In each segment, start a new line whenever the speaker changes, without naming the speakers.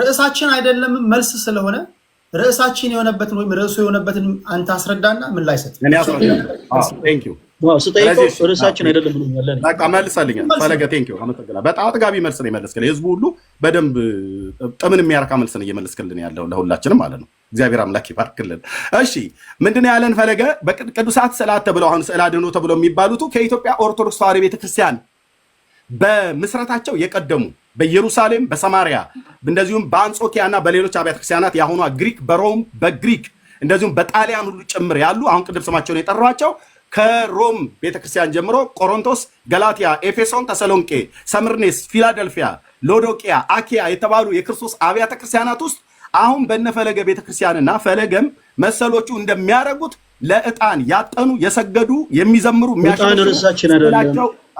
ርዕሳችን አይደለም መልስ ስለሆነ ርዕሳችን የሆነበትን ወይም ርዕሱ የሆነበትን አንተ አስረዳና ምን ላይ ሰጥ ርዕሳችን አይደለም
መልሳልኛል። ፈለገ ቴንኪው አመሰግናለሁ። በጣም አጥጋቢ መልስ ነው የመለስክልን። የህዝቡ ሁሉ በደንብ ጥምን የሚያረካ መልስ ነው እየመለስክልን ያለው ለሁላችንም ማለት ነው። እግዚአብሔር አምላክ ይባርክልን። እሺ ምንድን ያለን ፈለገ? በቅዱሳት ስዕላት ተብለው አሁን ስዕል አድኖ ተብለው የሚባሉት ከኢትዮጵያ ኦርቶዶክስ ተዋሕዶ ቤተክርስቲያን በምስረታቸው የቀደሙ በኢየሩሳሌም በሰማሪያ እንደዚሁም በአንጾኪያና በሌሎች አብያተ ክርስቲያናት የአሁኗ ግሪክ በሮም በግሪክ እንደዚሁም በጣሊያን ሁሉ ጭምር ያሉ አሁን ቅድም ስማቸውን የጠሯቸው ከሮም ቤተክርስቲያን ጀምሮ ቆሮንቶስ፣ ገላትያ፣ ኤፌሶን፣ ተሰሎንቄ፣ ሰምርኔስ፣ ፊላደልፊያ፣ ሎዶቅያ፣ አኪያ የተባሉ የክርስቶስ አብያተ ክርስቲያናት ውስጥ አሁን በነፈለገ ቤተክርስቲያንና ፈለገም መሰሎቹ እንደሚያደርጉት ለእጣን ያጠኑ የሰገዱ የሚዘምሩ
የሚያሻቸው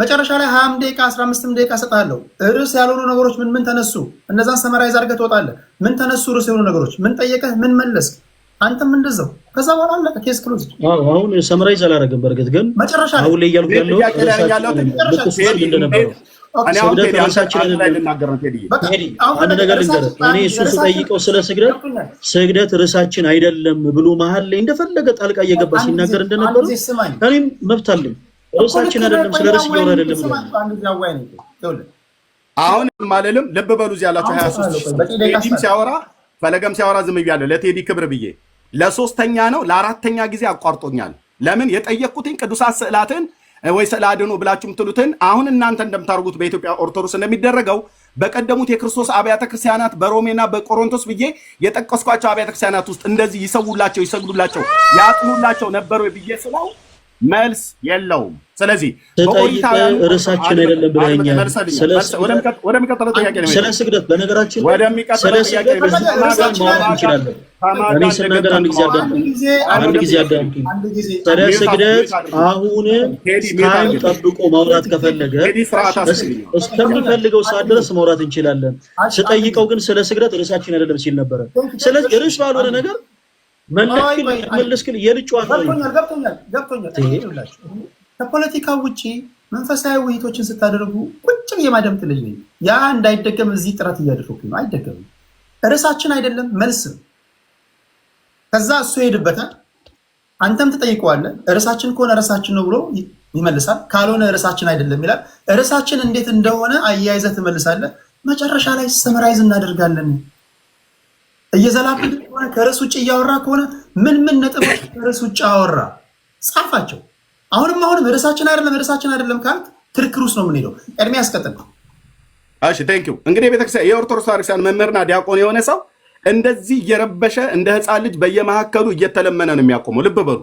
መጨረሻ ላይ ሀያም ደቂቃ አስራ አምስትም ደቂቃ እሰጥሃለሁ። ርዕስ ያልሆኑ ነገሮች ምን ምን ተነሱ፣ እነዛን ሰመራይዝ አድርገህ ትወጣለህ። ምን ተነሱ ርዕስ የሆኑ ነገሮች፣ ምን ጠየቀህ፣ ምን መለስክ፣ አንተም እንደዛው። ከዛ በኋላ አለቀ፣ ኬስ ክሎዝ።
አሁን ሰመራይዝ አላደረግም። በእርግጥ ግን መጨረሻ ላይ አሁን ላይ እያልኩ ያለው አንድ ነገር ልንገርህ፣ እኔ እሱ ስጠይቀው ስለ ስግደት ስግደት ርዕሳችን አይደለም ብሎ መሀል ላይ እንደፈለገ ጣልቃ እየገባ ሲናገር እንደነበሩ እኔም መብት አለኝ ርዕሳችን አይደለም፣ ስለ ርዕስ እያወራ አይደለም። አሁን ማለልም ልብ በሉ እዚህ ያላቸው ሀያ ቴዲም ሲያወራ ፈለገም ሲያወራ ዝም ብያለሁ። ለቴዲ ክብር ብዬ ለሶስተኛ ነው ለአራተኛ ጊዜ አቋርጦኛል። ለምን የጠየቅኩትኝ ቅዱሳት ስዕላትን ወይ ስዕለ አድኖ ብላችሁ የምትሉትን አሁን እናንተ እንደምታደርጉት በኢትዮጵያ ኦርቶዶክስ እንደሚደረገው በቀደሙት የክርስቶስ አብያተ ክርስቲያናት በሮሜና በቆሮንቶስ ብዬ የጠቀስኳቸው አብያተ ክርስቲያናት ውስጥ እንደዚህ ይሰውላቸው፣ ይሰግዱላቸው፣ ያጥኑላቸው ነበሩ ብዬ ስለው መልስ የለውም። ስለዚህ
ርዕሳችን አይደለም ብለኸኛል። ወደሚቀጥለው ጥያቄ ስለ ስግደት በነገራችን ስለ እንችላለን። እኔ ስናገር አንድ ጊዜ አንድ ጊዜ አዳምጡኝ።
ስለ ስግደት አሁን ታይም ጠብቆ ማውራት ከፈለገ እስከምንፈልገው ሰዓት ድረስ ማውራት እንችላለን። ስጠይቀው ግን ስለ ስግደት ርዕሳችን አይደለም ሲል ነበረ። ስለዚህ ርዕስ ባልሆነ ነገር
ከፖለቲካ ውጭ መንፈሳዊ ውይይቶችን ስታደርጉ ቁጭ የማደምጥ ትልኝ ነኝ። ያ እንዳይደገም እዚህ ጥረት እያደረኩ ነው። አይደገምም። ርዕሳችን አይደለም መልስ። ከዛ እሱ ይሄድበታል፣ አንተም ትጠይቀዋለህ። ርዕሳችን ከሆነ ርዕሳችን ነው ብሎ ይመልሳል። ካልሆነ ርዕሳችን አይደለም ይላል። ርዕሳችን እንዴት እንደሆነ አያይዘህ ትመልሳለህ። መጨረሻ ላይ ሰመራይዝ እናደርጋለን። እየዘላፍ ከሆነ ከርዕስ ውጭ እያወራ ከሆነ ምን ምን ነጥቦች ከርዕስ ውጭ አወራ ጻፋቸው። አሁንም አሁንም ርዕሳችን አይደለም ርዕሳችን አይደለም ካልክ ክርክር ውስጥ ነው የምንሄደው። ቀድሜ ያስቀጥል።
እሺ ቴንክ ዩ። እንግዲህ የቤተክርስቲያን የኦርቶዶክስ ተዋርክሲያን መምህርና ዲያቆን የሆነ ሰው እንደዚህ እየረበሸ እንደ ህፃን ልጅ በየመካከሉ እየተለመነ ነው የሚያቆመው። ልብ በሉ።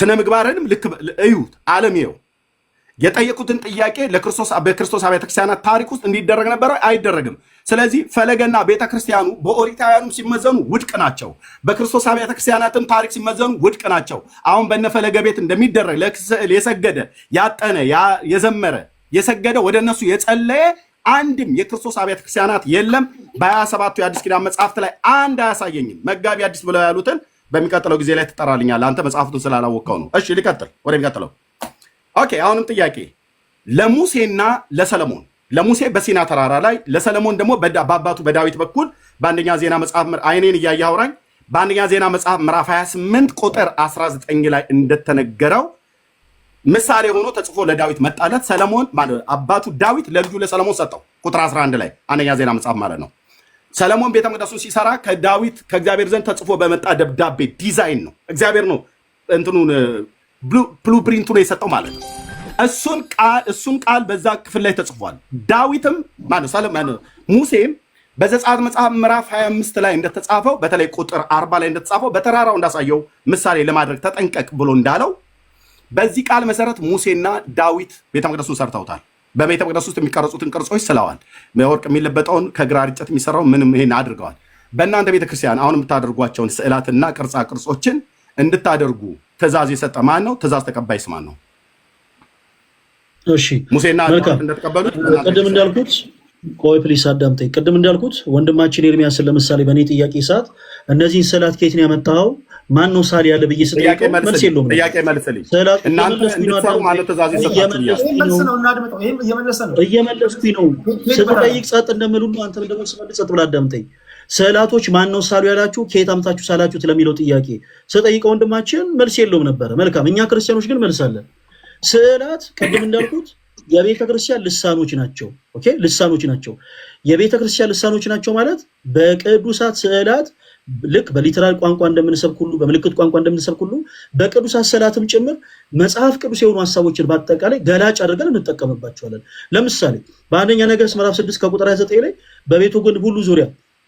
ስነ ምግባርንም ልክ እዩት፣ ዓለም ይኸው የጠየቁትን ጥያቄ ለክርስቶስ በክርስቶስ አብያተ ክርስቲያናት ታሪክ ውስጥ እንዲደረግ ነበረ አይደረግም። ስለዚህ ፈለገና ቤተ ክርስቲያኑ ሲመዘኑ ውድቅ ናቸው። በክርስቶስ አብያተ ክርስቲያናትም ታሪክ ሲመዘኑ ውድቅ ናቸው። አሁን በነፈለገ ቤት እንደሚደረግ የሰገደ ያጠነ፣ የዘመረ፣ የሰገደ ወደ እነሱ የጸለየ አንድም የክርስቶስ አብያተ ክርስቲያናት የለም። በሀያ ሰባቱ የአዲስ ኪዳን መጽሐፍት ላይ አንድ አያሳየኝም። መጋቢ አዲስ ብለው ያሉትን በሚቀጥለው ጊዜ ላይ ትጠራልኛል። አንተ መጽሐፍቱን ስላላወቀው ነው። እሺ፣ ሊቀጥል ወደሚቀጥለው ኦኬ አሁንም ጥያቄ ለሙሴና ለሰለሞን ለሙሴ በሲና ተራራ ላይ ለሰለሞን ደግሞ በአባቱ በዳዊት በኩል በአንደኛ ዜና መጽሐፍ አይኔን እያየ አውራኝ በአንደኛ ዜና መጽሐፍ ምዕራፍ 28 ቁጥር 19 ላይ እንደተነገረው ምሳሌ ሆኖ ተጽፎ ለዳዊት መጣለት። ሰለሞን አባቱ ዳዊት ለልጁ ለሰለሞን ሰጠው። ቁጥር 11 ላይ አንደኛ ዜና መጽሐፍ ማለት ነው። ሰለሞን ቤተ መቅደሱን ሲሰራ ከዳዊት ከእግዚአብሔር ዘንድ ተጽፎ በመጣ ደብዳቤ ዲዛይን ነው። እግዚአብሔር ነው እንትኑን ብሉፕሪንቱ ነው የሰጠው ማለት ነው። እሱን ቃል በዛ ክፍል ላይ ተጽፏል። ዳዊትም ሙሴም በዘጸአት መጽሐፍ ምዕራፍ 25 ላይ እንደተጻፈው በተለይ ቁጥር 40 ላይ እንደተጻፈው በተራራው እንዳሳየው ምሳሌ ለማድረግ ተጠንቀቅ ብሎ እንዳለው በዚህ ቃል መሰረት ሙሴና ዳዊት ቤተ መቅደሱን ሰርተውታል። በቤተ መቅደስ ውስጥ የሚቀረጹትን ቅርጾች ስለዋል። ወርቅ የሚለበጠውን ከግራር እንጨት የሚሰራው ምንም ይሄን አድርገዋል። በእናንተ ቤተክርስቲያን አሁን የምታደርጓቸውን ስዕላትና ቅርጻ ቅርጾችን እንድታደርጉ ትእዛዝ የሰጠ ማን ነው? ትእዛዝ ተቀባይስ ማን ነው?
እሺ ሙሴና እንደተቀበሉት ቅድም እንዳልኩት ቆይ ፕሊስ አዳምጠኝ። ቅድም እንዳልኩት ወንድማችን ኤርሚያስን ለምሳሌ በእኔ ጥያቄ ሰዓት እነዚህን ስዕላት ከየት ነው ያመጣኸው ማን ነው ሳል ያለ ብዬ
ስጠይቅ መልስ የለውም።
እየመለስኩኝ ነው። ስትጠይቅ ጸጥ እንደምል ሁሉ አንተም ደግሞ ስመልስ ጸጥ ብለህ አዳምጠኝ። ሰላቶች ማን ነው ሳሉ ያላችሁ ከየት አምታችሁ ሳላችሁት ለሚለው ጥያቄ ስጠይቀው ወንድማችን መልስ የለውም ነበረ። መልካም፣ እኛ ክርስቲያኖች ግን መልስ አለን ስዕላት ቅድም እንዳልኩት የቤተ ክርስቲያን ልሳኖች ናቸው። ኦኬ፣ ልሳኖች ናቸው። የቤተ ክርስቲያን ልሳኖች ናቸው ማለት በቅዱሳት ስዕላት ልክ በሊተራል ቋንቋ እንደምንሰብክ ሁሉ በምልክት ቋንቋ እንደምንሰብክ ሁሉ በቅዱሳት ስዕላትም ጭምር መጽሐፍ ቅዱስ የሆኑ ሀሳቦችን በአጠቃላይ ገላጭ አድርገን እንጠቀምባቸዋለን። ለምሳሌ በአንደኛ ነገሥት ምዕራፍ ስድስት ከቁጥር ዘጠኝ ላይ በቤቱ ግንብ ሁሉ ዙሪያ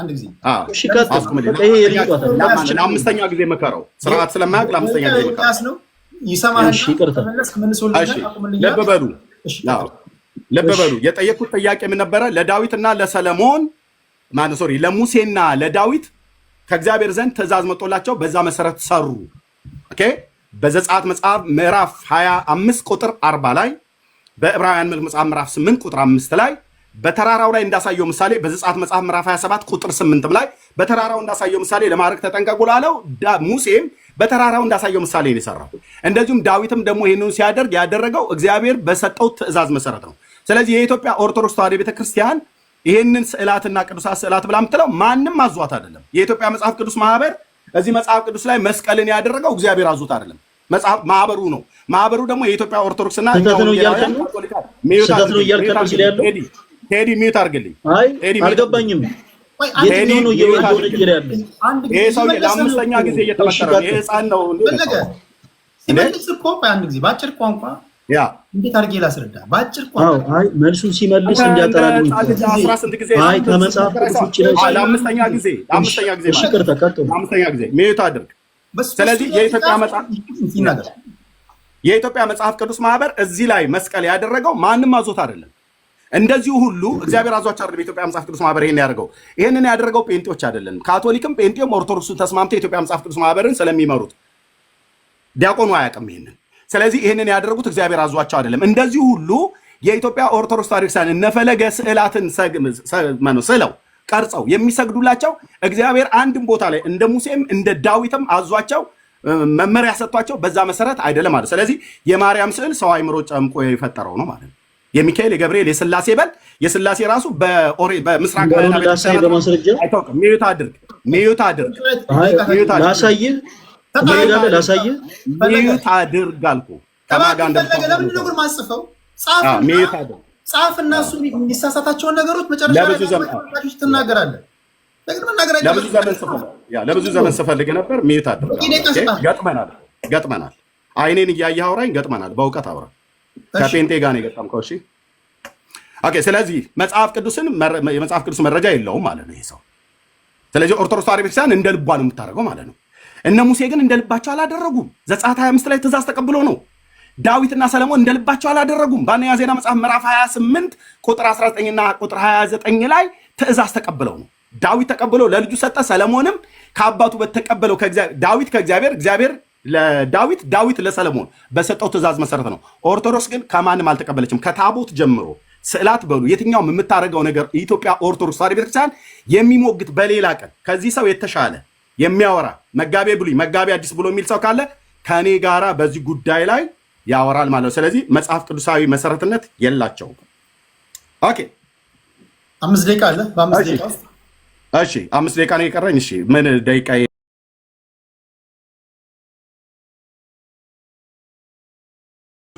አንድ ጊዜ ለአምስተኛ ጊዜ መከረው። ስርዓት ስለማያውቅ ለአምስተኛ ጊዜ መከረው። ልብ በሉ ልብ በሉ። የጠየኩት ጥያቄ ምን ነበረ? ለዳዊትና ለሰለሞን ማነው? ሶሪ ለሙሴና ለዳዊት ከእግዚአብሔር ዘንድ ትእዛዝ መጦላቸው በዛ መሰረት ሰሩ። ኦኬ በዘጸአት መጽሐፍ ምዕራፍ 25 ቁጥር 40 ላይ በዕብራውያን መልክ መጽሐፍ ምዕራፍ 8 ቁጥር 5 ላይ በተራራው ላይ እንዳሳየው ምሳሌ በዘጸአት መጽሐፍ ምዕራፍ 27 ቁጥር 8 ላይ በተራራው እንዳሳየው ምሳሌ ለማድረግ ተጠንቀቁ ላለው ሙሴም በተራራው እንዳሳየው ምሳሌ ነው የሰራው። እንደዚሁም ዳዊትም ደግሞ ይህንን ሲያደርግ ያደረገው እግዚአብሔር በሰጠው ትእዛዝ መሰረት ነው። ስለዚህ የኢትዮጵያ ኦርቶዶክስ ተዋሕዶ ቤተክርስቲያን ይህንን ስዕላትና ቅዱሳት ስዕላት ብላ ምትለው ማንም አዟት አይደለም። የኢትዮጵያ መጽሐፍ ቅዱስ ማህበር እዚህ መጽሐፍ ቅዱስ ላይ መስቀልን ያደረገው እግዚአብሔር አዞት አይደለም፣ መጽሐፍ ማህበሩ ነው። ማህበሩ ደግሞ የኢትዮጵያ ኦርቶዶክስና ነው እያልከ ነው ቴዲ ሚዩት አድርግልኝ።
አልገባኝም። ይሄ ሰው ለአምስተኛ ጊዜ እየተመሰረ ነው። ይሄ ህፃን ነው። ሲመልስ እኮ አንድ ጊዜ በአጭር ቋንቋ እንዴት አድርጌ ላስረዳ? በአጭር ቋንቋ መልሱን ሲመልስ እንዲያጠራልኝ ለአምስተኛ ጊዜ ሚዩት
አድርግ። ስለዚህ የኢትዮጵያ መጽሐፍ የኢትዮጵያ መጽሐፍ ቅዱስ ማህበር እዚህ ላይ መስቀል ያደረገው ማንም አዞት አይደለም። እንደዚሁ ሁሉ እግዚአብሔር አዟቸው አይደለም የኢትዮጵያ መጽሐፍ ቅዱስ ማህበር ይሄን ያደርገው። ይሄንን ያደረገው ጴንጤዎች አይደለም፣ ካቶሊክም ጴንጤም ኦርቶዶክሱ ተስማምተው የኢትዮጵያ መጽሐፍ ቅዱስ ማህበርን ስለሚመሩት ዲያቆኑ አያውቅም ይሄንን። ስለዚህ ይሄንን ያደረጉት እግዚአብሔር አዟቸው አይደለም። እንደዚሁ ሁሉ የኢትዮጵያ ኦርቶዶክስ ታሪክሳን እነፈለገ ስዕላትን ስለው ቀርጸው የሚሰግዱላቸው እግዚአብሔር አንድም ቦታ ላይ እንደ ሙሴም እንደ ዳዊትም አዟቸው መመሪያ ሰጥቷቸው በዛ መሰረት አይደለም ማለት። ስለዚህ የማርያም ስዕል ሰው አይምሮ ጨምቆ የፈጠረው ነው ማለት ነው። የሚካኤል የገብርኤል የስላሴ በል የስላሴ ራሱ በምስራቅ ሚዩት አድርግ ሚዩት አድርግ
ሚዩት አድርግ እሱ የሚሳሳታቸውን ነገሮች መጨረሻ ትናገራለህ።
ለብዙ ዘመን ስፈልግ ነበር። ሚዩት አድርግ ገጥመናል፣ ገጥመናል። አይኔን እያየህ አውራኝ ገጥመናል። በእውቀት አውራ ከጴንጤ ጋር ነው የገጠምከው። እሺ ኦኬ። ስለዚህ መጽሐፍ ቅዱስን የመጽሐፍ ቅዱስ መረጃ የለውም ማለት ነው ይሄ ሰው። ስለዚህ ኦርቶዶክስ ተዋሕዶ ቤተክርስቲያን እንደ ልቧ ነው የምታደርገው ማለት ነው። እነ ሙሴ ግን እንደ ልባቸው አላደረጉም። ዘጸአት 25 ላይ ትእዛዝ ተቀብሎ ነው። ዳዊትና ሰለሞን እንደ ልባቸው አላደረጉም። በአንደኛ ዜና መጽሐፍ ምዕራፍ 28 ቁጥር 19 እና ቁጥር 29 ላይ ትእዛዝ ተቀብለው ነው። ዳዊት ተቀብሎ ለልጁ ሰጠ። ሰለሞንም ከአባቱ በተቀበለው ዳዊት ከእግዚአብሔር እግዚአብሔር ለዳዊት ዳዊት ለሰለሞን በሰጠው ትእዛዝ መሰረት ነው። ኦርቶዶክስ ግን ከማንም አልተቀበለችም። ከታቦት ጀምሮ ስዕላት በሉ የትኛውም የምታደርገው ነገር የኢትዮጵያ ኦርቶዶክስ ተዋሕዶ ቤተክርስቲያን የሚሞግት በሌላ ቀን ከዚህ ሰው የተሻለ የሚያወራ መጋቤ ብሉይ መጋቤ አዲስ ብሎ የሚል ሰው ካለ ከእኔ ጋራ በዚህ ጉዳይ ላይ ያወራል ማለት ነው። ስለዚህ መጽሐፍ ቅዱሳዊ መሰረትነት የላቸውም። ኦኬ
አምስት ደቂቃ አለ። በአምስት ደቂቃ
እሺ፣ አምስት ደቂቃ ነው የቀረኝ። እሺ ምን ደቂቃ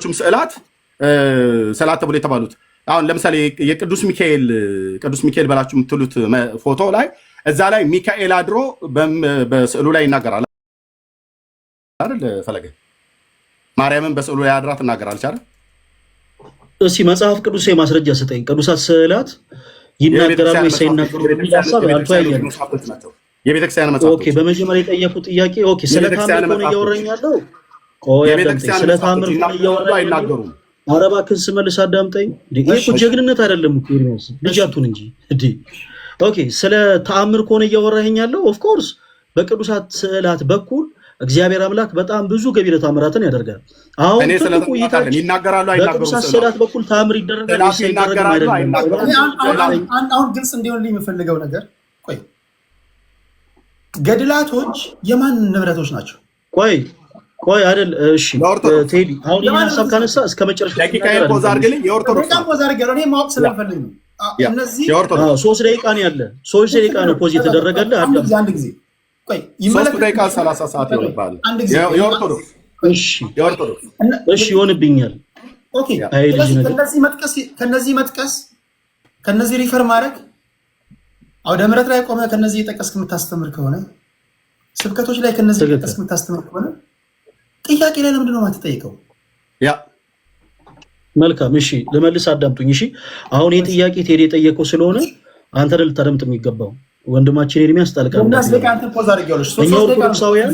ሌሎቹም ስዕላት ስዕላት ተብሎ የተባሉት አሁን ለምሳሌ የቅዱስ ሚካኤል ቅዱስ ሚካኤል በላችሁ የምትሉት ፎቶ ላይ እዛ ላይ ሚካኤል አድሮ በስዕሉ ላይ ይናገራል አይደል? ፈለገ ማርያምን በስዕሉ ላይ አድራ ትናገራል። ቻለ
እስኪ መጽሐፍ ቅዱስ የማስረጃ ስጠኝ። ቅዱሳት ስዕላት ይናገራሉ ወይስ አይናገሩ?
የቤተክርስቲያን መጽሐፍ
በመጀመሪያ የጠየቁት ጥያቄ ስለ ታምር እያወራኝ ያለው ስለታምር እያወራ አይናገሩም። ኧረ እባክህን ስመልስ አዳምጠኝ። ይሄ ጀግንነት አይደለም እኮ ኤርሚያስ፣ ልጅ አትሁን እንጂ ኦኬ ስለ ተአምር ከሆነ እያወራኸኝ ያለው ኦፍኮርስ በቅዱሳት ስዕላት በኩል እግዚአብሔር አምላክ በጣም ብዙ ገቢረ ተአምራትን ያደርጋል። አሁን ትልቁ ይናገራሉ በቅዱሳት ስዕላት በኩል ተአምር ይደረጋል ይደረግም አይደለም። አሁን ግልጽ እንዲሆን የምፈልገው ነገር ቆይ ገድላቶች የማን ንብረቶች ናቸው? ቆይ ቆይ አይደል? እሺ ቴዲ፣ አሁን ይሄን ሀሳብ ካነሳ እስከ መጨረሻ
ደቂቃ ነው ሶስት ደቂቃ
ነው ያለ፣ ሶስት ደቂቃ ነው ፖዝ የተደረገልህ። እሺ ይሆንብኛል። ከነዚህ መጥቀስ ከነዚህ ሪፈር ማድረግ አውደ ምሕረት ላይ ቆመ ከነዚህ የጠቀስክ የምታስተምር ከሆነ ስብከቶች ላይ ከነዚህ የጠቀስክ የምታስተምር ከሆነ ጥያቄ ላይ ለምንድን ነው የማትጠይቀው? ያ መልካም እሺ፣ ልመልስ አዳምጡኝ። እሺ፣ አሁን ይህ ጥያቄ ቴዲ የጠየቀው ስለሆነ አንተ ደህ ልታደምጥ የሚገባው ወንድማችን ኤርሚያስ ጣልቃ እኛ ኦርቶዶክሳውያን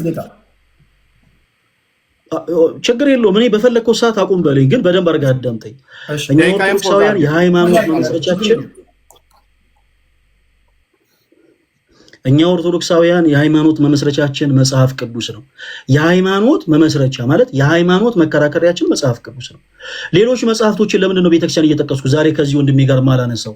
ችግር የለውም። እኔ በፈለግከው ሰዓት አቁም በለኝ፣ ግን በደንብ አድርገህ አዳምጠኝ። እኛ ኦርቶዶክሳውያን የሃይማኖት መመስረቻችን እኛ ኦርቶዶክሳውያን የሃይማኖት መመስረቻችን መጽሐፍ ቅዱስ ነው። የሃይማኖት መመስረቻ ማለት የሃይማኖት መከራከሪያችን መጽሐፍ ቅዱስ ነው። ሌሎች መጽሐፍቶችን ለምንድን ነው ቤተክርስቲያን እየጠቀስኩ ዛሬ ከዚህ ወንድሜ ጋር ማላነሳው?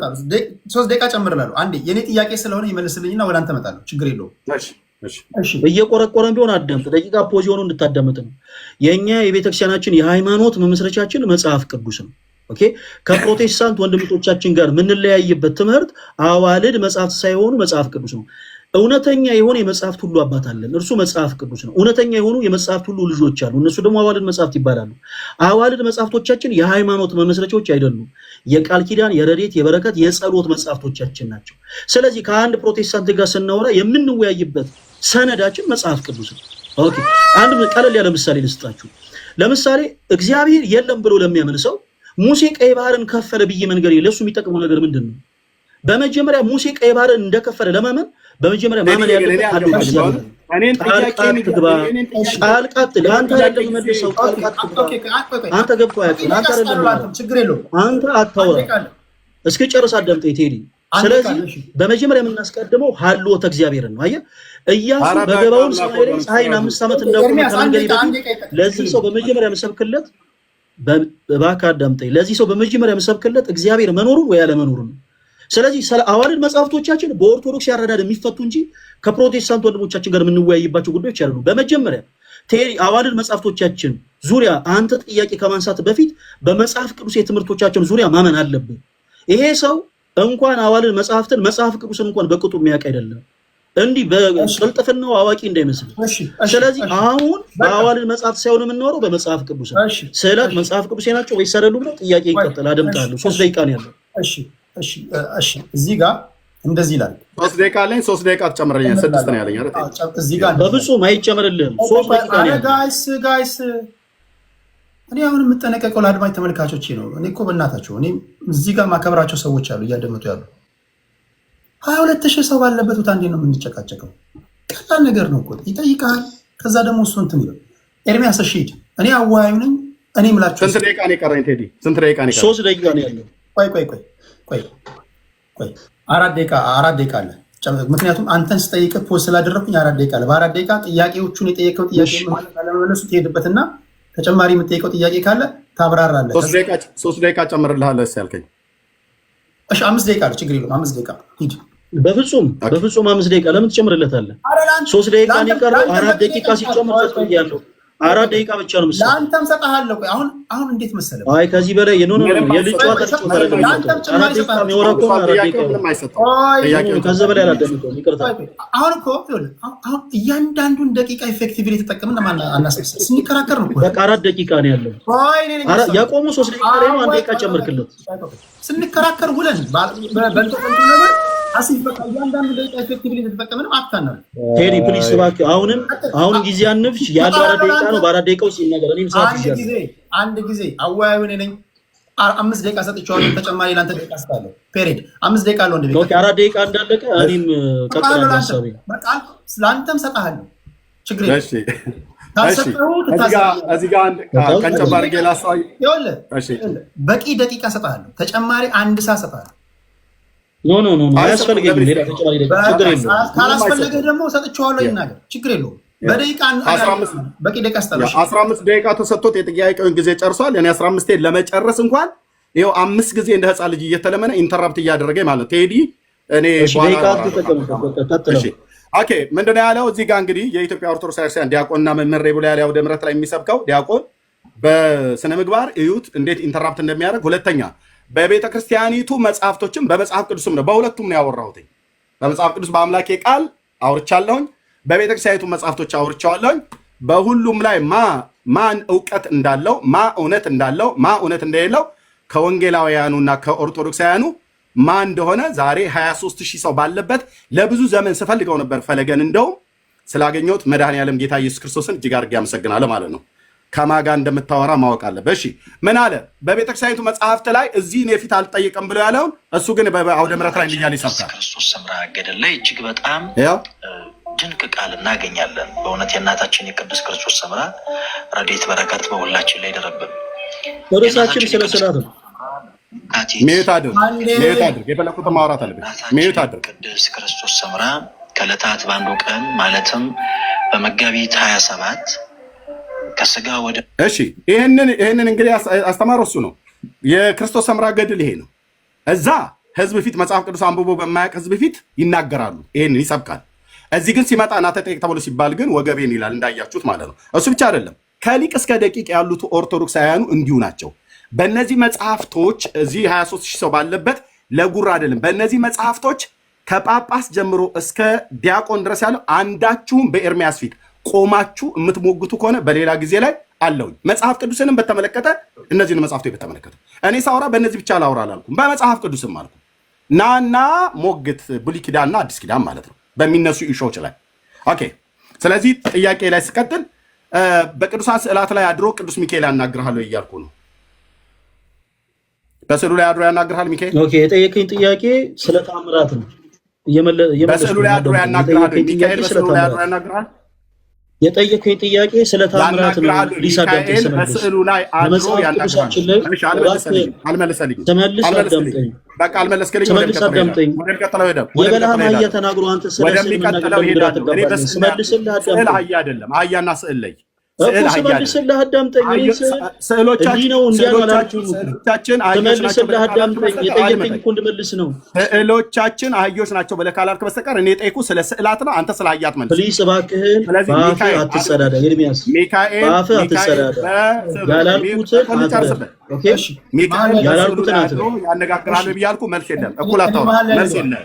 እመጣለሁ። ሶስት ደቂቃ ጨምርላለሁ። አንዴ የኔ ጥያቄ ስለሆነ ይመልስልኝና ወደ አንተ እመጣለሁ። ችግር የለውም። እየቆረቆረን ቢሆን አዳምጥ። ደቂቃ ፖዝ የሆኑ እንድታዳምጥ ነው። የእኛ የቤተክርስቲያናችን የሃይማኖት መመስረቻችን መጽሐፍ ቅዱስ ነው። ኦኬ ከፕሮቴስታንት ወንድምቶቻችን ጋር የምንለያይበት ትምህርት አዋልድ መጽሐፍት ሳይሆኑ መጽሐፍ ቅዱስ ነው። እውነተኛ የሆነ የመጽሐፍት ሁሉ አባት አለን፣ እርሱ መጽሐፍ ቅዱስ ነው። እውነተኛ የሆኑ የመጽሐፍት ሁሉ ልጆች አሉ፣ እነሱ ደግሞ አዋልድ መጽሐፍት ይባላሉ። አዋልድ መጽሐፍቶቻችን የሃይማኖት መመስረቻዎች አይደሉም። የቃል ኪዳን፣ የረዴት፣ የበረከት፣ የጸሎት መጽሐፍቶቻችን ናቸው። ስለዚህ ከአንድ ፕሮቴስታንት ጋር ስናወራ የምንወያይበት ሰነዳችን መጽሐፍ ቅዱስ ነው። ኦኬ፣ አንድ ቀለል ያለ ምሳሌ ልስጣችሁ። ለምሳሌ እግዚአብሔር የለም ብሎ ለሚያምን ሰው ሙሴ ቀይ ባህርን ከፈለ ብዬ መንገድ ለሱ የሚጠቅመው ነገር ምንድን ነው? በመጀመሪያ ሙሴ ቀይ ባህርን እንደከፈለ ለማመን በመጀመሪያ ማመን ያለበት አንተ ገብቶ ጨርስ፣ አዳምጠኝ ቴዲ። ስለዚህ በመጀመሪያ የምናስቀድመው እግዚአብሔርን ነው። አየህ እያሱ በገባውን ሰማይ ላይ ፀሐይን አምስት ዓመት ከመንገድ በፊት ለዚህ ሰው በመጀመሪያ የምሰብክለት እባክህ አዳምጠኝ። ለዚህ ሰው በመጀመሪያ የምሰብክለት እግዚአብሔር መኖሩን ወይ አለመኖሩን ነው ስለዚህ አዋልድ መጽሐፍቶቻችን በኦርቶዶክስ ያረዳድ የሚፈቱ እንጂ ከፕሮቴስታንት ወንድሞቻችን ጋር የምንወያይባቸው ጉዳዮች ያሉ። በመጀመሪያ ቴሪ አዋልድ መጽሐፍቶቻችን ዙሪያ አንተ ጥያቄ ከማንሳት በፊት በመጽሐፍ ቅዱስ የትምህርቶቻችን ዙሪያ ማመን አለብን። ይሄ ሰው እንኳን አዋልድ መጽሐፍትን መጽሐፍ ቅዱስን እንኳን በቅጡ የሚያውቅ አይደለም። እንዲህ በቅልጥፍናው አዋቂ እንዳይመስል። ስለዚህ አሁን በአዋልድ መጽሐፍት ሳይሆን የምንኖረው በመጽሐፍ ቅዱስ ስዕላት መጽሐፍ ቅዱሴ ናቸው ወይስ አይደሉም? ጥያቄ ይቀጥል። አደምጣለሁ። ሶስት ደቂቃ ነው ያለው። እሺ እዚህ ጋር እንደዚህ ይላል።
ሶስት ደቂቃ ሶስት ደቂቃ ትጨምረኛል። ስድስት ነው ያለኝ
አይደል? እዚህ ጋር አይጨምርልህም። ጋይስ ጋይስ፣ እኔ አሁን የምጠነቀቀው ለአድማጭ ተመልካቾች ነው። እኔ እኮ በእናታቸው እኔ እዚህ ጋር ማከብራቸው ሰዎች አሉ እያደመጡ ያሉ። ሀያ ሁለት ሺህ ሰው ባለበት ቦታ እንዴት ነው የምንጨቃጨቀው? ቀላል ነገር ነው እኮ ይጠይቃል። ከዛ ደግሞ እሱ እንትን ኤርሚያስ እሺ ሂድ። እኔ ነኝ። እኔ
ስንት ደቂቃ ነው የቀረኝ ቴዲ? ስንት ደቂቃ ነው የቀረኝ?
ሶስት ደቂቃ ነው ያለው። ቆይ ቆይ ቆይ ቆይ ቆይ፣ አራት ደቂቃ አራት ደቂቃ አለ። ምክንያቱም አንተን ስጠይቅህ ፖዝ ስላደረግኩኝ አራት ደቂቃ አለ። በአራት ደቂቃ ጥያቄዎቹን የጠየቀው ጥያቄ ለመመለሱ ትሄድበትና ተጨማሪ የምጠይቀው ጥያቄ ካለ ታብራራለህ።
ሶስት ደቂቃ ጨምርልሃለሁ ያልከኝ።
እሺ አምስት ደቂቃ አለ። ችግር የለውም። አምስት ደቂቃ ሂድ። በፍጹም በፍጹም አምስት ደቂቃ ለምን ትጨምርለታለህ? ሶስት ደቂቃ ነው የቀረው። አራት ደቂቃ ሲጨምር ያለው አራት ደቂቃ ብቻ ነው መሰለህ። ለአንተም ሰጣሃለሁ። አሁን አሁን እንዴት መሰለህ? አይ ከዚህ በላይ የኖ ነው የልጅ ጨዋታ ተጨመረ በላይ ይቅርታ። አሁን እኮ አሁን እያንዳንዱን ደቂቃ ኢፌክቲቭሊ ተጠቅመን ለማን አናስብስ ስንከራከር ነው በቃ አራት ደቂቃ ነው ያለው። አይ ነኝ ያቆሙ ሶስት ደቂቃ ነው አንድ ደቂቃ ጨምርክለት ስንከራከር ውለን በእንትን ነገር አሲፍ በቃ እያንዳንዱ ደቂቃ ቴሪ ፕሊስ እባክህ አሁንም አሁን ጊዜ አንፍሽ። ያለው አራት ደቂቃ ነው። በአራት ደቂቃ ውስጥ ይነገር። እኔም ሰዓት ይሻል። አንድ ጊዜ አወያዩ እኔ ነኝ። አምስት ደቂቃ ሰጥቼዋለሁ። ተጨማሪ ለአንተ ደቂቃ ስታለሁ። ፔሬድ አምስት ደቂቃ አለው። እንደ አራት ደቂቃ እንዳለቀ እኔም ቀጥላለሁ። ሀሳቤ ለአንተም ሰጥሃለሁ። ችግር የለም። በቂ ደቂቃ ሰጥሃለሁ። ተጨማሪ አንድ ሰዓት ሰጥሃለሁ። ኖ ኖ ኖ አያስፈልገኝም። ሌላ ተጨማሪ ደግሞ ችግር የለውም። ካላስፈለገ ደግሞ ሰጥቼዋለሁ ይናገር፣ ችግር የለውም። በደቂቃ በቂ ደቂቃ ስጠላሽ፣
አስራ አምስት ደቂቃ ተሰጥቶት የጥያቄውን ጊዜ ጨርሷል። እኔ አስራ አምስቴን ለመጨረስ እንኳን ይኸው አምስት ጊዜ እንደ ህፃን ልጅ እየተለመነ ኢንተራፕት እያደረገኝ ማለት ቴዲ፣ እኔ ኦኬ፣ ምንድን ነው ያለው እዚህ ጋር እንግዲህ የኢትዮጵያ ኦርቶዶክስ ክርስቲያን ዲያቆንና መምህር ብሎ ያለ አውደ ምሕረት ላይ የሚሰብከው ዲያቆን በስነ ምግባር እዩት እንዴት ኢንተራፕት እንደሚያደርግ ሁለተኛ በቤተ ክርስቲያኒቱ መጽሐፍቶችም በመጽሐፍ ቅዱስም ነው። በሁለቱም ነው ያወራሁት በመጽሐፍ ቅዱስ በአምላኬ ቃል አውርቻለሁኝ፣ በቤተ ክርስቲያኒቱ መጽሐፍቶች አውርቻለሁኝ። በሁሉም ላይ ማ ማን እውቀት እንዳለው ማ እውነት እንዳለው ማ እውነት እንደሌለው ከወንጌላውያኑና ከኦርቶዶክሳውያኑ ማ እንደሆነ ዛሬ 23 ሺህ ሰው ባለበት ለብዙ ዘመን ስፈልገው ነበር። ፈለገን እንደውም ስላገኘሁት መድኃኔ ዓለም ጌታ ኢየሱስ ክርስቶስን እጅግ አድርጌ አመሰግናለሁ ማለት ነው። ከማጋ እንደምታወራ ማወቅ አለ። በሺ ምን አለ? በቤተክርስቲያኒቱ መጽሐፍት ላይ እዚህ እኔ ፊት አልጠየቅም ብሎ ያለውን እሱ ግን በአውደ ምረት ላይ እያለ ይሰብካል።
ክርስቶስ ሰምራ ገደል ላይ እጅግ በጣም ድንቅ ቃል እናገኛለን። በእውነት የእናታችን የቅዱስ ክርስቶስ ሰምራ ረድኤት በረከት በሁላችን ላይ ደረብን። ርዕሳችን ስለ ስላት ነው። ሜት አድርግ ሜት አድርግ፣ የፈለኩት ማውራት አለብኝ። ሜት አድርግ። ቅዱስ ክርስቶስ ሰምራ ከዕለታት በአንዱ ቀን ማለትም በመጋቢት ሀያ ሰባት ከስጋ ወደ
እሺ። ይህንን ይህንን እንግዲህ አስተማረው እሱ ነው። የክርስቶስ ሰምራ ገድል ይሄ ነው። እዛ ህዝብ ፊት መጽሐፍ ቅዱስ አንብቦ በማያውቅ ህዝብ ፊት ይናገራሉ፣ ይህንን ይሰብካል። እዚህ ግን ሲመጣ እናተ ተጠየቅ ተብሎ ሲባል ግን ወገቤን ይላል። እንዳያችሁት ማለት ነው። እሱ ብቻ አይደለም፣ ከሊቅ እስከ ደቂቅ ያሉት ኦርቶዶክሳውያኑ እንዲሁ ናቸው። በእነዚህ መጽሐፍቶች እዚህ 23 ሺህ ሰው ባለበት ለጉር አይደለም። በእነዚህ መጽሐፍቶች ከጳጳስ ጀምሮ እስከ ዲያቆን ድረስ ያለው አንዳችሁም በኤርሚያስ ፊት ቆማችሁ የምትሞግቱ ከሆነ በሌላ ጊዜ ላይ አለውኝ። መጽሐፍ ቅዱስንም በተመለከተ እነዚህን መጽሐፍቶ በተመለከተ እኔ ሳውራ በእነዚህ ብቻ ላውራ አላልኩም፣ በመጽሐፍ ቅዱስም አልኩ። ናና ሞግት፣ ብሉይ ኪዳንና አዲስ ኪዳን ማለት ነው በሚነሱ ኢሾች ላይ ኦኬ። ስለዚህ ጥያቄ ላይ ስቀጥል በቅዱሳን ስዕላት ላይ አድሮ ቅዱስ ሚካኤል ያናግርሃል እያልኩ ነው።
በስዕሉ ላይ አድሮ ያናግርሃል ሚካኤል። የጠየቀኝ ጥያቄ ስለ ተአምራት ነው። በስዕሉ ላይ አድሮ ያናግርሃል ሚካኤል። በስዕሉ ላይ አድሮ ያናግርሃል የጠየቀኝ ጥያቄ ስለ ታምራት ነው። ሊሳ በስዕሉ ላይ አድሮ ያላችሁን አልመለሰልኝም። አህያና ስዕል ላይ ስመልስልህ አዳምጠኝ። እንዲህ ነው እንዲያ ስመልስልህ አዳምጠኝ። የጠየቀኝ እኮ እንድመልስ ነው። ስዕሎቻችን አህዮች ናቸው ብለህ ካላልክ በስተቀር እኔ ጠይቁ ስለ ስዕላት ነው። አንተ ስለ አህያት መልስ። ፕሊስ እባክህን፣ በአፍህ አትሰዳዳ። ኤርሚያስ በአፍህ አትሰዳዳ። ያላልኩትን አትበል። ያላልኩትን አትበል። ያነጋግራል ብያለሁ። መልስ የለም። እኩል አታውራ። መልስ የለም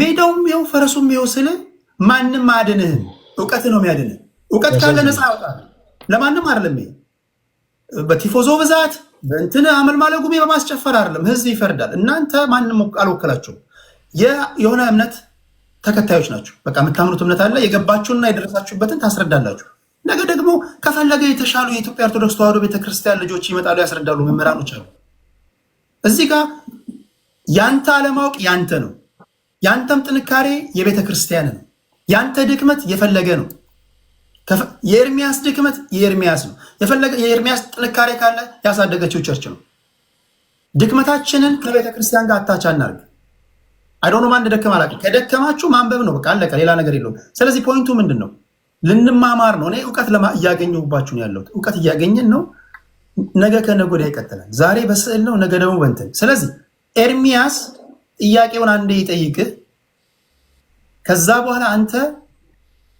ሜዳውም ይኸው ፈረሱም ይኸው ስል ማንም አያድንህም። እውቀት ነው የሚያድንህ። እውቀት ካለ ነፃ ያወጣል። ለማንም አይደለም። በቲፎዞ ብዛት በእንትን አመል ማለጉሜ በማስጨፈር አይደለም። ህዝብ ይፈርዳል። እናንተ ማንም አልወከላችሁም። የሆነ እምነት ተከታዮች ናቸው። በቃ የምታምኑት እምነት አለ። የገባችሁና የደረሳችሁበትን ታስረዳላችሁ። ነገ ደግሞ ከፈለገ የተሻሉ የኢትዮጵያ ኦርቶዶክስ ተዋህዶ ቤተክርስቲያን ልጆች ይመጣሉ፣ ያስረዳሉ። መምህራኖች አሉ። እዚህ ጋር ያንተ አለማወቅ ያንተ ነው። ያንተም ጥንካሬ የቤተ ክርስቲያን ነው። ያንተ ድክመት የፈለገ ነው። የኤርሚያስ ድክመት የኤርሚያስ ነው። የኤርሚያስ ጥንካሬ ካለ ያሳደገችው ቸርች ነው። ድክመታችንን ከቤተ ክርስቲያን ጋር አታች አናርግ። አይዶኖ ማን ደከም አላውቅም። ከደከማችሁ ማንበብ ነው፣ በቃ አለቀ። ሌላ ነገር የለውም። ስለዚህ ፖይንቱ ምንድን ነው? ልንማማር ነው። እኔ እውቀት እያገኘሁባችሁ ነው ያለሁት። እውቀት እያገኘን ነው። ነገ ከነገ ወዲያ ይቀጥላል። ዛሬ በስዕል ነው፣ ነገ ደግሞ በእንትን ስለዚህ ኤርሚያስ ጥያቄውን አንዴ ይጠይቅህ። ከዛ በኋላ አንተ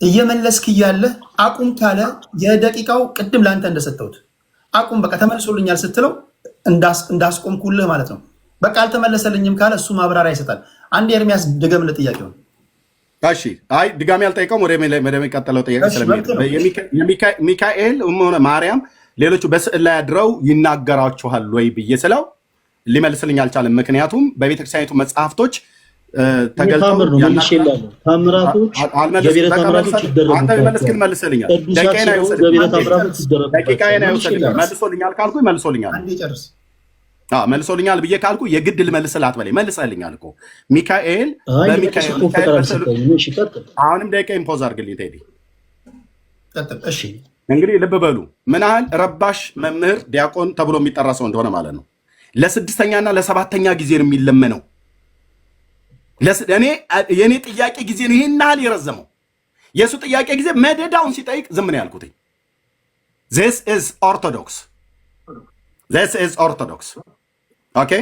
እየመለስክ እያለህ አቁም ካለ የደቂቃው ቅድም ለአንተ እንደሰጠሁት አቁም በቃ ተመልሶልኛል ስትለው እንዳስቆምኩልህ ማለት ነው። በቃ አልተመለሰልኝም ካለ እሱ ማብራሪያ ይሰጣል። አንዴ ኤርሚያስ ድገምልህ ጥያቄውን።
እሺ አይ ድጋሚ አልጠይቀውም። ወደሚቀጥለው ጥያቄ ሚካኤል ሆነ ማርያም ሌሎቹ በስዕል ላይ አድረው ይናገራችኋል ወይ ብዬ ስለው ሊመልስልኝ አልቻለም። ምክንያቱም በቤተክርስቲያኒቱ መጽሐፍቶች ተገልጠው
መልሶልኛል ብዬ ካልኩ የግድ ልመልስላት በላይ መልሰልኛል እኮ ሚካኤል አሁንም ደቂቃ ኢምፖዝ አድርግልኝ ቴዲ። እንግዲህ ልብ በሉ ምን ያህል ረባሽ መምህር ዲያቆን ተብሎ የሚጠራ ሰው እንደሆነ ማለት ነው። ለስድስተኛና ለሰባተኛ ጊዜ ነው የሚለመነው። እኔ የእኔ ጥያቄ ጊዜ ነው ይህን ያህል የረዘመው። የእሱ ጥያቄ ጊዜ መደዳውን ሲጠይቅ ዝም ነው ያልኩትኝ። ዚስ ኢዝ ኦርቶዶክስ ዚስ ኢዝ ኦርቶዶክስ ኦኬ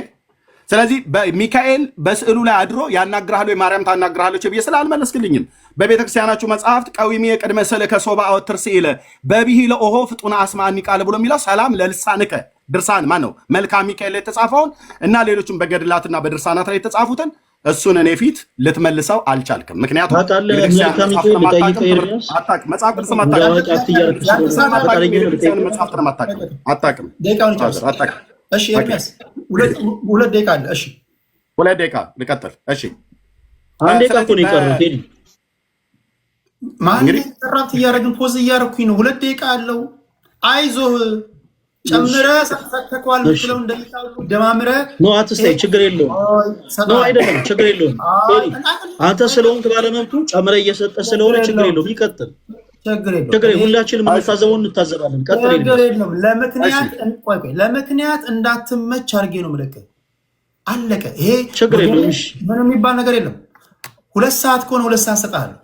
ስለዚህ ሚካኤል በስዕሉ ላይ አድሮ ያናግራሉ የማርያም ታናግራለች ብዬ ስላልመለስክልኝም በቤተክርስቲያናችሁ መጽሐፍት ቀዊሜ የቅድመ ስልከ ከሶባ አወትር ስኢለ በብሂ ለኦሆ ፍጡና አስማኒ ቃል ብሎ የሚለው ሰላም ለልሳንከ ድርሳን ማን ነው መልካም ሚካኤል የተጻፈውን እና ሌሎችም በገድላትና በድርሳናት ላይ የተጻፉትን እሱን እኔ ፊት ልትመልሰው አልቻልክም። ምክንያቱም መጽሐፍ ቅዱስም አታውቅም፣ መጽሐፍ አታውቅም። እሺ ኤርሚያስ ሁለት ደቂቃ አለ። እሺ ሁለት ደቂቃ ልቀጥል። እሺ አንድ ደቂቃ እኮ ነው ራፍት እያደረግን ፖዝ እያደረግኩኝ ነው። ሁለት ደቂቃ አለው። አይዞህ ጨምረህ ሰጥተከዋል ምትለው እንደሚታሉ ደማምረህ ኖ አትስታይ። ችግር የለውም ኖ አይደለም፣ ችግር የለውም። አንተ ስለሆንክ ባለመብቱ ጨምረህ እየሰጠህ ስለሆነ ችግር የለውም። ይቀጥል ችግር ሁላችንም የምንታዘበውን እንታዘባለን። ችግር የለም። ለምክንያት ለምክንያት እንዳትመች አድርጌ ነው ምልክት አለቀ። ይሄ ችግር የለም። ምን የሚባል ነገር የለም። ሁለት ሰዓት ከሆነ ሁለት ሰዓት ሰጥሃለሁ።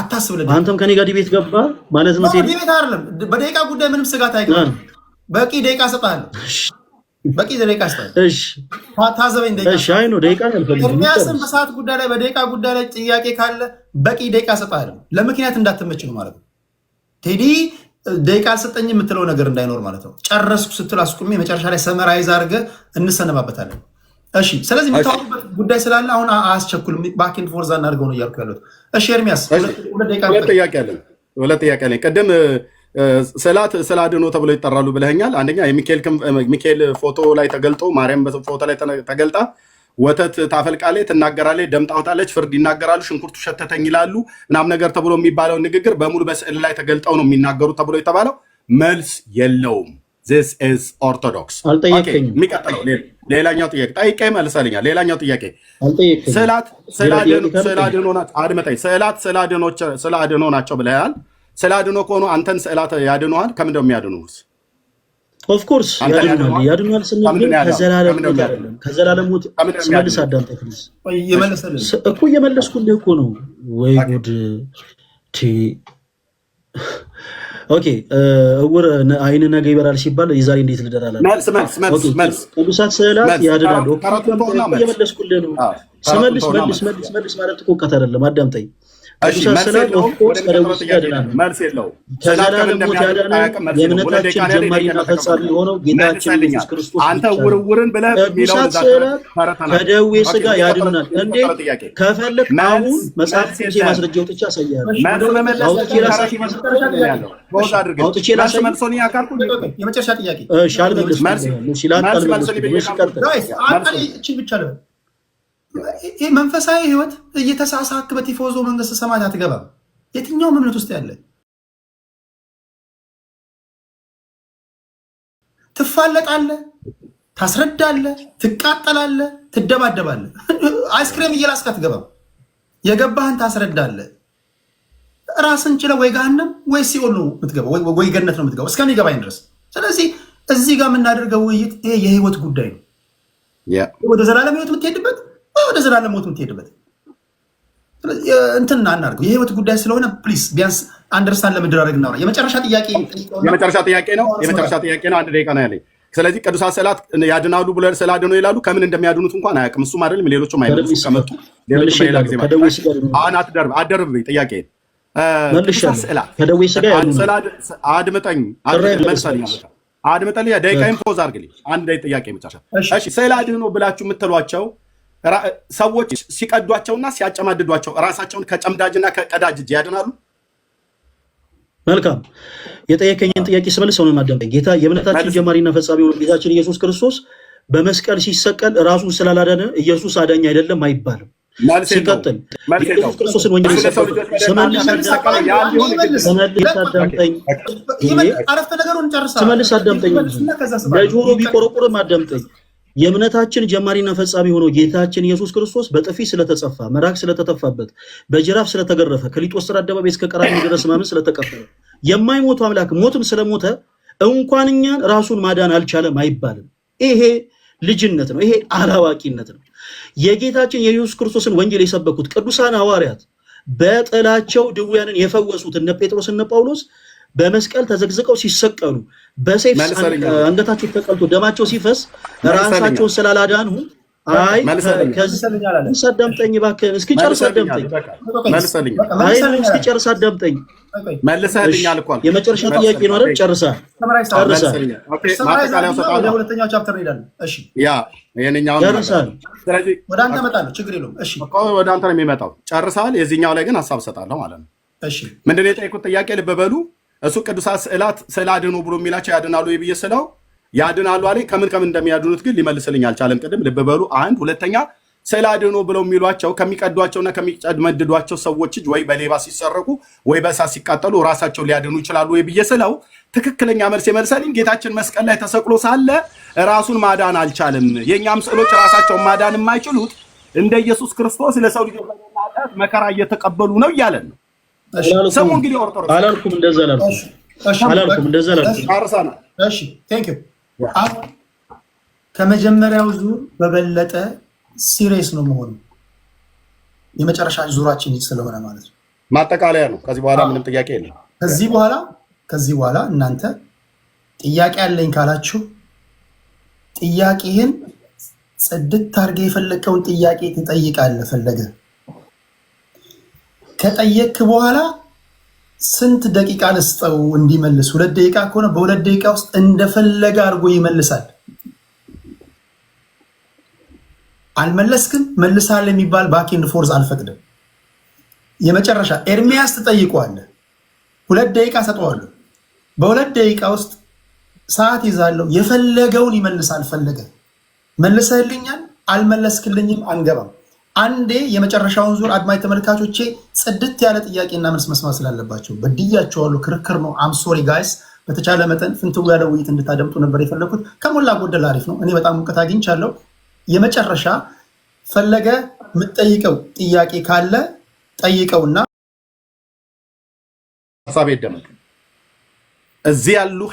አታስብልኝ። አንተም ከኔ ጋር ዲቤት ገባ ማለት ነው። ዲቤት አይደለም። በደቂቃ ጉዳይ ምንም ስጋት አይገባም። በቂ ደቂቃ ሰጥሃለሁ። በቂ ደቂቃ ስታ ታዘበኝ። ኤርሚያስን በሰዓት ጉዳይ ላይ በደቂቃ ጉዳይ ላይ ጥያቄ ካለ በቂ ደቂቃ ሰጣለ። ለምክንያት እንዳትመች ነው ማለት ነው። ቴዲ ደቂቃ አልሰጠኝ የምትለው ነገር እንዳይኖር ማለት ነው። ጨረስኩ ስትል አስቁሜ መጨረሻ ላይ ሰመራይዝ አድርገ እንሰነባበታለን። እሺ፣ ስለዚህ የምታወሩበት ጉዳይ ስላለ አሁን አያስቸኩልም። ባኬን ፎርዛ እናድርገው ነው እያልኩ ያሉት። እሺ፣ ኤርሚያስ ሁለት ደቂቃ ሁለት ጥያቄ አለን። ቀደም ስዕላት ስዕለ ተብሎ ይጠራሉ ብለኛል አንደኛ የሚካኤል ፎቶ ላይ ተገልጦ ማርያም ፎቶ ላይ ተገልጣ ወተት ታፈልቃለች፣ ትናገራለች፣ ደም ታወጣለች፣ ፍርድ ይናገራሉ፣ ሽንኩርቱ ሸተተኝ ይላሉ ምናምን ነገር ተብሎ የሚባለው ንግግር በሙሉ በስዕል ላይ ተገልጠው ነው የሚናገሩ ተብሎ የተባለው መልስ የለውም። ዚስ ኢዝ ኦርቶዶክስ። የሚቀጥለው ሌላኛው ጥያቄ ጠይቄ መልሰልኛል። ሌላኛው ጥያቄ ስዕላት ስዕለ ናቸው። አድመጠኝ ናቸው ብለሃል። ስለ አድኖ ከሆኑ አንተን ስዕላት ያድነዋል። ከምን ነው የሚያድኑት? ኦፍኮርስ ያድኗል። ያድኗል ስንል ከዘላለም ሞት አይደለም። ከዘላለም ሞት ስመልስ እኮ እኮ ነው። ወይ ጉድ! ኦኬ እውር አይን ነገ ይበራል ሲባል የዛሬ እንዴት ልደራላ? ቅዱሳት ስዕላት ያድናሉ። እየመለስኩልህ ነው። ስመልስ መልስ መልስ መልስ ማለት እኮ እውቀት አይደለም። አዳምጠኝ መልስ የለውም። ዘላለም ሞት ጀማሪና ፈጻሚ የሆነው ጌታችን ኢየሱስ ክርስቶስ ከእሳት ስዕላት ከደዌ ስጋ ያድናል። እንዴት ከፈለግ አሁን መጽሐፍ ቅዱስ የማስረጃ አውጥቼ አሳያለሁ። አውጥቼ ላሳይ። እሺ አልመለስኩም። መንፈሳዊ ህይወት እየተሳሳክ በቲፎዞ መንግስተ ሰማያት አትገባም። የትኛውም እምነት ውስጥ ያለ ትፋለጣለ፣ ታስረዳለ፣ ትቃጠላለ፣ ትደባደባለ። አይስክሬም እየላስክ አትገባም። የገባህን ታስረዳለ። ራስን ችለ ወይ ገሃነም ወይ ሲኦል ነው የምትገባው፣ ወይ ገነት ነው የምትገባው እስከሚገባኝ ድረስ። ስለዚህ እዚህ ጋር የምናደርገው ውይይት ይሄ የህይወት ጉዳይ ነው። ወደ ዘላለም ህይወት የምትሄድበት ወደ ዘላለም ሞት የምትሄድበት እንትን አናድርገው። የህይወት ጉዳይ ስለሆነ ፕሊስ ቢያንስ አንደርስታን ለምድራረግ እናውራ። የመጨረሻ ጥያቄ የመጨረሻ ጥያቄ ነው። የመጨረሻ ጥያቄ ነው። አንድ ደቂቃ ነው ያለኝ። ስለዚህ ቅዱሳት ስዕላት ያድናሉ ብለ ስላድነው ይላሉ። ከምን እንደሚያድኑት እንኳን አያውቅም። እሱም አይደለም ሌሎችም አይደለም። ከመጡ ሌሎች ሌላ ጊዜ አሁን አደርብ ጥያቄ ቅዱሳት አድምጠኝ ደቂቃ ፖዝ አድርግልኝ። አንድ ጥያቄ መጨረሻ ስዕል አድኖ ብላችሁ የምትሏቸው ሰዎች ሲቀዷቸውና ሲያጨማድዷቸው ራሳቸውን ከጨምዳጅና ከቀዳጅ እጅ ያድናሉ። መልካም የጠየቀኝን ጥያቄ ስመልስ ሰውን ማዳምጠኝ ጌታ የእምነታችን ጀማሪና ፈጻሚ ሆኖ ጌታችን ኢየሱስ ክርስቶስ በመስቀል ሲሰቀል ራሱን ስላላዳነ ኢየሱስ አዳኝ አይደለም አይባልም። ሲቀጥል ኢየሱስ ክርስቶስን ስመልስ አዳምጠኝ። ስመልስ አዳምጠኝ፣ ለጆሮ ቢቆረቁርም አዳምጠኝ የእምነታችን ጀማሪና ፈጻሚ የሆነው ጌታችን ኢየሱስ ክርስቶስ በጥፊ ስለተጸፋ መራክ ስለተተፋበት በጅራፍ ስለተገረፈ ከሊጦስ ስራ አደባባይ እስከ ቀራንዮ ድረስ ምናምን ስለተቀበለ የማይሞቱ አምላክ ሞትም ስለሞተ እንኳን እኛን ራሱን ማዳን አልቻለም አይባልም። ይሄ ልጅነት ነው። ይሄ አላዋቂነት ነው። የጌታችን የኢየሱስ ክርስቶስን ወንጌል የሰበኩት ቅዱሳን ሐዋርያት በጥላቸው ድውያንን የፈወሱት እነ ጴጥሮስ እነ ጳውሎስ በመስቀል ተዘግዝቀው ሲሰቀሉ በሰይፍ አንገታቸው ተቀልቶ ደማቸው ሲፈስ ራሳቸውን ስላላዳኑ አይ ሰደምጠኝ አዳምጠኝ እስኪጨርስ አዳምጠኝ። እስኪጨርስ አዳምጠኝ። መልሰህልኛል አልኳል የመጨረሻ ጥያቄ ነው አይደል? ጨርሰህ ጨርሰህ። ወደ አንተ እመጣለሁ፣ ችግር የለውም። እሺ፣ ወደ አንተ ነው የሚመጣው። ጨርሰሃል። የዚህኛው ላይ ግን ሀሳብ እሰጣለሁ ማለት ነው። ምንድን ነው የጠየኩት ጥያቄ? ልብ በሉ እሱ ቅዱሳት ስዕላት ስዕል አድኑ ብሎ የሚላቸው ያድናሉ ብዬ ስለው ያድናሉ አለ። ከምን ከምን እንደሚያድኑት ግን ሊመልስልኝ አልቻለም። ቅድም ልብ በሉ። አንድ ሁለተኛ ስዕል አድኑ ብለው የሚሏቸው ከሚቀዷቸውና ከሚጨመድዷቸው ሰዎች እጅ ወይ በሌባ ሲሰረቁ ወይ በእሳት ሲቃጠሉ ራሳቸው ሊያድኑ ይችላሉ ወይ ብዬ ስለው ትክክለኛ መልስ የመልሰልኝ ጌታችን መስቀል ላይ ተሰቅሎ ሳለ ራሱን ማዳን አልቻለም። የእኛም ስዕሎች ራሳቸውን ማዳን የማይችሉት እንደ ኢየሱስ ክርስቶስ ለሰው ልጅ መከራ እየተቀበሉ ነው እያለን ነው ሰሙ እንግዲህ ኦርቶዶክስ አላልኩም፣ እንደዛ አላልኩም፣ እንደዛ አላልኩም። አርሳና እሺ፣ ቴንክ ዩ ከመጀመሪያው ዙር በበለጠ ሲሪየስ ነው መሆኑ የመጨረሻ ዙራችን ስለሆነ ማለት ነው። ማጠቃለያ ነው። ከዚህ በኋላ ምንም ጥያቄ የለም። ከዚህ በኋላ ከዚህ በኋላ እናንተ ጥያቄ አለኝ ካላችሁ ጥያቄህን ጽድት አድርገህ የፈለግከውን ጥያቄ ትጠይቃለህ ፈለገ ከጠየክ በኋላ ስንት ደቂቃ ልስጠው እንዲመልስ? ሁለት ደቂቃ ከሆነ በሁለት ደቂቃ ውስጥ እንደፈለገ አድርጎ ይመልሳል። አልመለስክም መልሳል የሚባል ባኬንድ ፎርስ አልፈቅድም። የመጨረሻ ኤርሚያስ ትጠይቀዋለህ። ሁለት ደቂቃ ሰጠዋለሁ። በሁለት ደቂቃ ውስጥ ሰዓት ይዛለው የፈለገውን ይመልሳል። ፈለገ መልሰህልኛል፣ አልመለስክልኝም፣ አንገባም አንዴ የመጨረሻውን ዙር አድማጭ ተመልካቾቼ ጽድት ያለ ጥያቄና መልስ መስማት ስላለባቸው በድያቸዋለሁ። ክርክር ነው። አም ሶሪ ጋይስ። በተቻለ መጠን ፍንትው ያለ ውይይት እንድታደምጡ ነበር የፈለኩት። ከሞላ ጎደል አሪፍ ነው። እኔ በጣም እውቀት አግኝቻለሁ። የመጨረሻ ፈለገ ምጠይቀው ጥያቄ ካለ ጠይቀውና ሀሳቤ ደመ እዚህ ያሉ